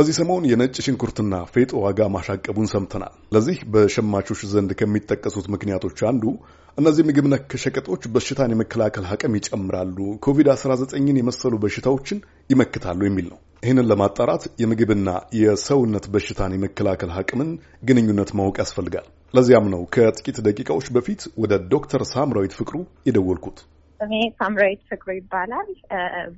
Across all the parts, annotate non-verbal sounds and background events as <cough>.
በዚህ ሰሞን የነጭ ሽንኩርትና ፌጥ ዋጋ ማሻቀቡን ሰምተናል። ለዚህ በሸማቾች ዘንድ ከሚጠቀሱት ምክንያቶች አንዱ እነዚህ ምግብ ነክ ሸቀጦች በሽታን የመከላከል አቅም ይጨምራሉ፣ ኮቪድ-19ን የመሰሉ በሽታዎችን ይመክታሉ የሚል ነው። ይህንን ለማጣራት የምግብና የሰውነት በሽታን የመከላከል አቅምን ግንኙነት ማወቅ ያስፈልጋል። ለዚያም ነው ከጥቂት ደቂቃዎች በፊት ወደ ዶክተር ሳምራዊት ፍቅሩ የደወልኩት። ስሜ ሳምራዊት ፍቅሩ ይባላል።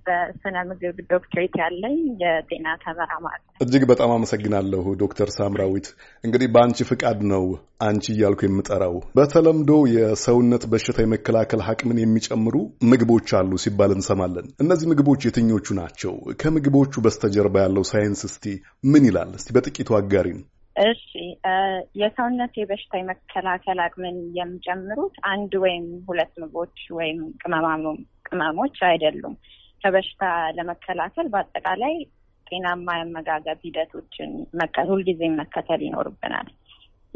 በስነ ምግብ ዶክትሬት ያለኝ የጤና ተመራማሪ። እጅግ በጣም አመሰግናለሁ ዶክተር ሳምራዊት። እንግዲህ በአንቺ ፍቃድ ነው አንቺ እያልኩ የምጠራው። በተለምዶ የሰውነት በሽታ የመከላከል አቅምን የሚጨምሩ ምግቦች አሉ ሲባል እንሰማለን። እነዚህ ምግቦች የትኞቹ ናቸው? ከምግቦቹ በስተጀርባ ያለው ሳይንስ እስቲ ምን ይላል? እስቲ በጥቂቱ አጋሪን። እሺ የሰውነት የበሽታ የመከላከል አቅምን የሚጨምሩት አንድ ወይም ሁለት ምግቦች ወይም ቅመሞች አይደሉም። ከበሽታ ለመከላከል በአጠቃላይ ጤናማ የአመጋገብ ሂደቶችን ሁልጊዜ መከተል ይኖርብናል።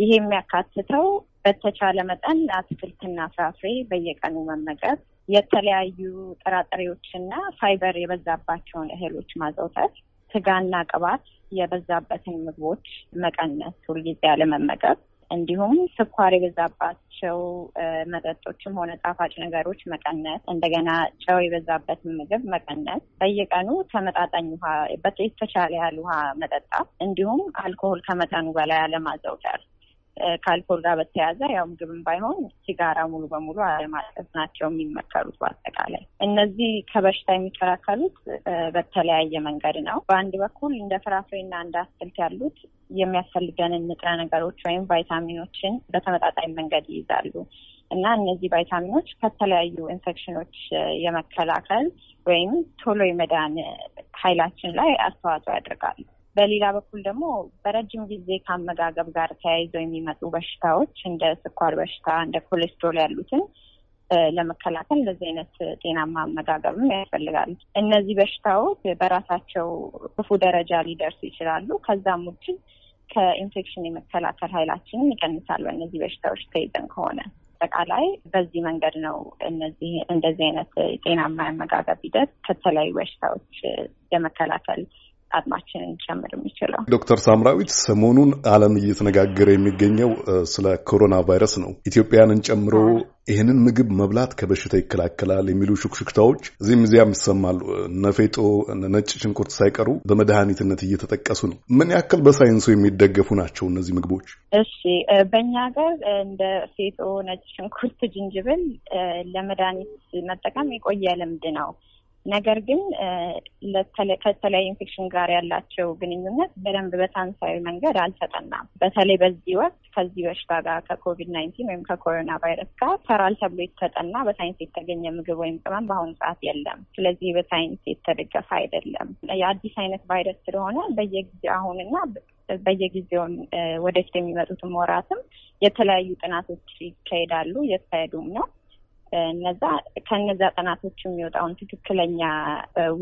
ይሄ የሚያካትተው በተቻለ መጠን አትክልትና ፍራፍሬ በየቀኑ መመገብ፣ የተለያዩ ጥራጥሬዎችና ፋይበር የበዛባቸውን እህሎች ማዘውተት ስጋና ቅባት የበዛበትን ምግቦች መቀነስ፣ ሁልጊዜ አለመመገብ እንዲሁም ስኳር የበዛባቸው መጠጦችም ሆነ ጣፋጭ ነገሮች መቀነስ፣ እንደገና ጨው የበዛበትን ምግብ መቀነስ፣ በየቀኑ ተመጣጣኝ ውሃ፣ የተቻለ ያህል ውሃ መጠጣት፣ እንዲሁም አልኮሆል ከመጠኑ በላይ አለማዘውተር ከአልኮል ጋር በተያያዘ ያው ምግብም ባይሆን ሲጋራ ሙሉ በሙሉ አለማጨስ ናቸው የሚመከሩት። በአጠቃላይ እነዚህ ከበሽታ የሚከላከሉት በተለያየ መንገድ ነው። በአንድ በኩል እንደ ፍራፍሬና እንደ አትክልት ያሉት የሚያስፈልገንን ንጥረ ነገሮች ወይም ቫይታሚኖችን በተመጣጣኝ መንገድ ይይዛሉ እና እነዚህ ቫይታሚኖች ከተለያዩ ኢንፌክሽኖች የመከላከል ወይም ቶሎ የመዳን ኃይላችን ላይ አስተዋጽኦ ያደርጋሉ። በሌላ በኩል ደግሞ በረጅም ጊዜ ከአመጋገብ ጋር ተያይዘው የሚመጡ በሽታዎች እንደ ስኳር በሽታ፣ እንደ ኮሌስትሮል ያሉትን ለመከላከል እንደዚህ አይነት ጤናማ አመጋገብም ያስፈልጋል። እነዚህ በሽታዎች በራሳቸው ክፉ ደረጃ ሊደርሱ ይችላሉ። ከዛም ውጭ ከኢንፌክሽን የመከላከል ኃይላችንን ይቀንሳል። በእነዚህ በሽታዎች ተይዘን ከሆነ አጠቃላይ በዚህ መንገድ ነው እነዚህ እንደዚህ አይነት ጤናማ አመጋገብ ሂደት ከተለያዩ በሽታዎች የመከላከል አድማችንን ጨምር የሚችለው ዶክተር ሳምራዊት ሰሞኑን ዓለም እየተነጋገረ የሚገኘው ስለ ኮሮና ቫይረስ ነው። ኢትዮጵያንን ጨምሮ ይህንን ምግብ መብላት ከበሽታ ይከላከላል የሚሉ ሹክሹክታዎች እዚህም እዚያም ይሰማሉ። ነፌጦ፣ ነጭ ሽንኩርት ሳይቀሩ በመድኃኒትነት እየተጠቀሱ ነው። ምን ያክል በሳይንሱ የሚደገፉ ናቸው እነዚህ ምግቦች? እሺ፣ በእኛ ሀገር እንደ ፌጦ፣ ነጭ ሽንኩርት፣ ዝንጅብል ለመድኃኒት መጠቀም የቆየ ልምድ ነው። ነገር ግን ከተለያዩ ኢንፌክሽን ጋር ያላቸው ግንኙነት በደንብ በታንሳዊ መንገድ አልተጠናም። በተለይ በዚህ ወቅት ከዚህ በሽታ ጋር ከኮቪድ ናይንቲን ወይም ከኮሮና ቫይረስ ጋር ተራል ተብሎ የተጠና በሳይንስ የተገኘ ምግብ ወይም ቅመም በአሁኑ ሰዓት የለም። ስለዚህ በሳይንስ የተደገፈ አይደለም። የአዲስ አይነት ቫይረስ ስለሆነ በየጊዜ አሁንና በየጊዜውም ወደፊት የሚመጡትም ወራትም የተለያዩ ጥናቶች ይካሄዳሉ፣ እየተካሄዱም ነው። እነዛ ከነዛ ጥናቶች የሚወጣውን ትክክለኛ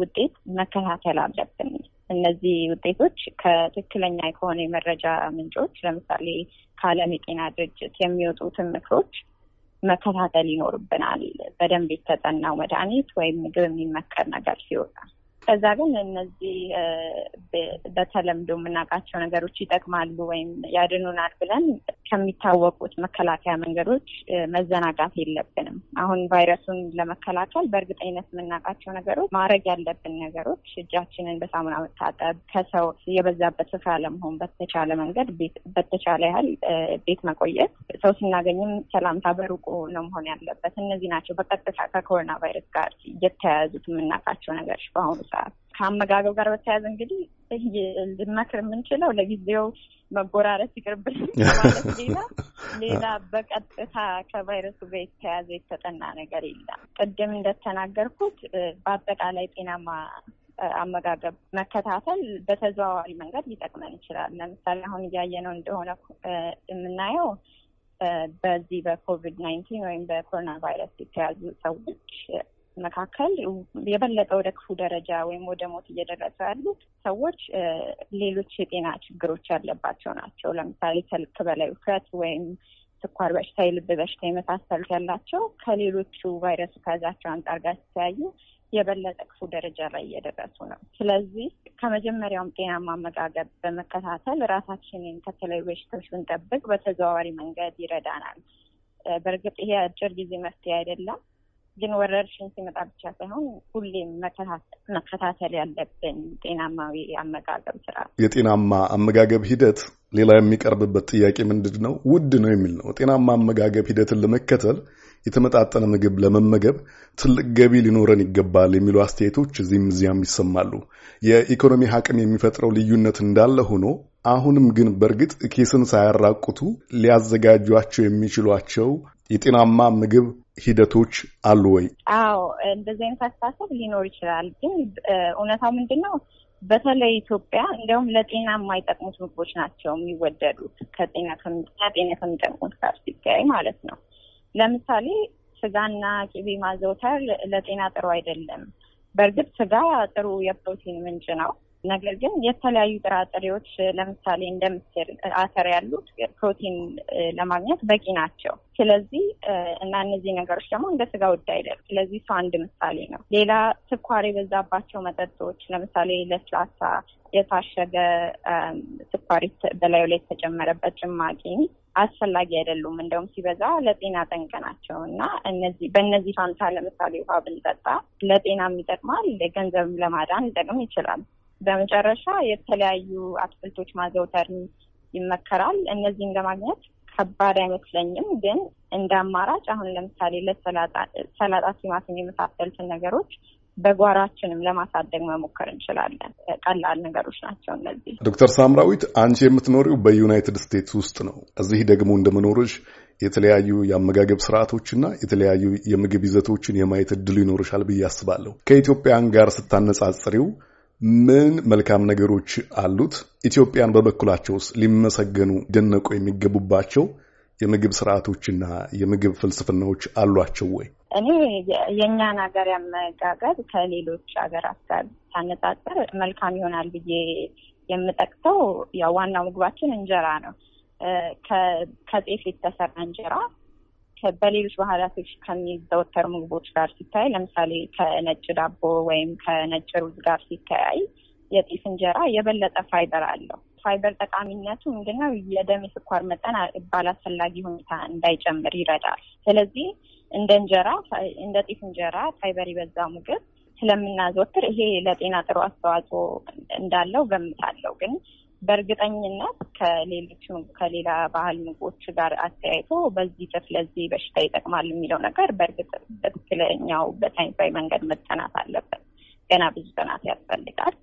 ውጤት መከታተል አለብን። እነዚህ ውጤቶች ከትክክለኛ ከሆነ የመረጃ ምንጮች ለምሳሌ ከዓለም የጤና ድርጅት የሚወጡትን ምክሮች መከታተል ይኖርብናል። በደንብ የተጠናው መድኃኒት ወይም ምግብ የሚመከር ነገር ሲወጣ ከዛ ግን እነዚህ በተለምዶ የምናውቃቸው ነገሮች ይጠቅማሉ ወይም ያድኑናል ብለን ከሚታወቁት መከላከያ መንገዶች መዘናጋት የለብንም። አሁን ቫይረሱን ለመከላከል በእርግጠኝነት የምናውቃቸው ነገሮች፣ ማድረግ ያለብን ነገሮች እጃችንን በሳሙና መታጠብ፣ ከሰው የበዛበት ስፍራ ለመሆን በተቻለ መንገድ በተቻለ ያህል ቤት መቆየት፣ ሰው ስናገኝም ሰላምታ በሩቁ ነው መሆን ያለበት። እነዚህ ናቸው በቀጥታ ከኮሮና ቫይረስ ጋር የተያያዙት የምናውቃቸው ነገሮች በአሁኑ ይመጣል። ከአመጋገብ ጋር በተያያዘ እንግዲህ ልመክር የምንችለው ለጊዜው መጎራረስ ይቅርብል <laughs> ማለት ሌላ ሌላ በቀጥታ ከቫይረሱ ጋር የተያያዘ የተጠና ነገር የለም። ቅድም እንደተናገርኩት በአጠቃላይ ጤናማ አመጋገብ መከታተል በተዘዋዋሪ መንገድ ሊጠቅመን ይችላል። ለምሳሌ አሁን እያየነው እንደሆነ የምናየው በዚህ በኮቪድ ናይንቲን ወይም በኮሮና ቫይረስ የተያዙ ሰዎች መካከል የበለጠ ወደ ክፉ ደረጃ ወይም ወደ ሞት እየደረሱ ያሉት ሰዎች ሌሎች የጤና ችግሮች ያለባቸው ናቸው። ለምሳሌ ከልክ በላይ ውፍረት ወይም ስኳር በሽታ፣ የልብ በሽታ የመሳሰሉት ያላቸው ከሌሎቹ ቫይረስ ከያዛቸው አንጻር ጋር ሲተያዩ የበለጠ ክፉ ደረጃ ላይ እየደረሱ ነው። ስለዚህ ከመጀመሪያውም ጤናማ አመጋገብ በመከታተል ራሳችንን ከተለያዩ በሽታዎች ብንጠብቅ በተዘዋዋሪ መንገድ ይረዳናል። በእርግጥ ይሄ አጭር ጊዜ መፍትሄ አይደለም። ግን ወረርሽኝ ሲመጣ ብቻ ሳይሆን ሁሌም መከታተል ያለብን ጤናማዊ አመጋገብ ስራ። የጤናማ አመጋገብ ሂደት ሌላ የሚቀርብበት ጥያቄ ምንድን ነው? ውድ ነው የሚል ነው። ጤናማ አመጋገብ ሂደትን ለመከተል የተመጣጠነ ምግብ ለመመገብ ትልቅ ገቢ ሊኖረን ይገባል የሚሉ አስተያየቶች እዚህም እዚያም ይሰማሉ። የኢኮኖሚ አቅም የሚፈጥረው ልዩነት እንዳለ ሆኖ አሁንም ግን በእርግጥ ኬስን ሳያራቁቱ ሊያዘጋጇቸው የሚችሏቸው የጤናማ ምግብ ሂደቶች አሉ ወይ? አዎ እንደዚህ አይነት አስተሳሰብ ሊኖር ይችላል። ግን እውነታው ምንድን ነው? በተለይ ኢትዮጵያ እንዲያውም ለጤና የማይጠቅሙት ምግቦች ናቸው የሚወደዱት ከጤና ከሚጠቅሙት ጋር ሲታይ ማለት ነው። ለምሳሌ ስጋና ቅቤ ማዘውተር ለጤና ጥሩ አይደለም። በእርግጥ ስጋ ጥሩ የፕሮቲን ምንጭ ነው ነገር ግን የተለያዩ ጥራጥሬዎች ለምሳሌ እንደ ምስር፣ አተር ያሉት ፕሮቲን ለማግኘት በቂ ናቸው። ስለዚህ እና እነዚህ ነገሮች ደግሞ እንደ ስጋ ውድ አይደል። ስለዚህ ሰው አንድ ምሳሌ ነው። ሌላ ስኳር የበዛባቸው መጠጦች ለምሳሌ ለስላሳ፣ የታሸገ ስኳር በላዩ ላይ የተጨመረበት ጭማቂ አስፈላጊ አይደሉም። እንደውም ሲበዛ ለጤና ጠንቅ ናቸው እና እነዚህ በእነዚህ ፋንታ ለምሳሌ ውሃ ብንጠጣ ለጤናም ይጠቅማል፣ ገንዘብም ለማዳን ሊጠቅም ይችላል። በመጨረሻ የተለያዩ አትክልቶች ማዘውተር ይመከራል። እነዚህን ለማግኘት ከባድ አይመስለኝም፣ ግን እንደ አማራጭ አሁን ለምሳሌ ለሰላጣ፣ ቲማቲም የመሳሰሉትን ነገሮች በጓሯችንም ለማሳደግ መሞከር እንችላለን። ቀላል ነገሮች ናቸው እነዚህ። ዶክተር ሳምራዊት አንቺ የምትኖሪው በዩናይትድ ስቴትስ ውስጥ ነው። እዚህ ደግሞ እንደመኖርሽ የተለያዩ የአመጋገብ ስርዓቶችና የተለያዩ የምግብ ይዘቶችን የማየት እድሉ ይኖርሻል ብዬ አስባለሁ። ከኢትዮጵያን ጋር ስታነጻጽሪው ምን መልካም ነገሮች አሉት? ኢትዮጵያን በበኩላቸውስ ሊመሰገኑ ደነቁ የሚገቡባቸው የምግብ ስርዓቶችና የምግብ ፍልስፍናዎች አሏቸው ወይ? እኔ የእኛን ሀገር ያመጋገብ ከሌሎች ሀገራት ጋር ሳነጻጽር መልካም ይሆናል ብዬ የምጠቅሰው ያው ዋናው ምግባችን እንጀራ ነው። ከጤፍ የተሰራ እንጀራ በሌሎች ባህላቶች ከሚዘወተሩ ምግቦች ጋር ሲታይ ለምሳሌ ከነጭ ዳቦ ወይም ከነጭ ሩዝ ጋር ሲተያይ የጤፍ እንጀራ የበለጠ ፋይበር አለው። ፋይበር ጠቃሚነቱ ምንድነው? የደም የስኳር መጠን ባላስፈላጊ ሁኔታ እንዳይጨምር ይረዳል። ስለዚህ እንደ እንጀራ እንደ ጤፍ እንጀራ ፋይበር የበዛ ምግብ ስለምናዘወትር ይሄ ለጤና ጥሩ አስተዋጽኦ እንዳለው ገምታለሁ። ግን በእርግጠኝነት ከሌሎች ከሌላ ባህል ምግቦች ጋር አተያይቶ በዚህ ጥፍ ለዚህ በሽታ ይጠቅማል የሚለው ነገር በእርግጥ በትክክለኛው በሳይንሳዊ መንገድ መጠናት አለበት። ገና ብዙ ጥናት ያስፈልጋል፣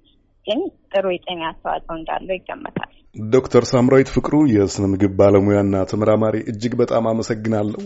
ግን ጥሩ የጤና አስተዋጽኦ እንዳለው ይገመታል። ዶክተር ሳምራዊት ፍቅሩ የስነ ምግብ ባለሙያና ተመራማሪ፣ እጅግ በጣም አመሰግናለሁ።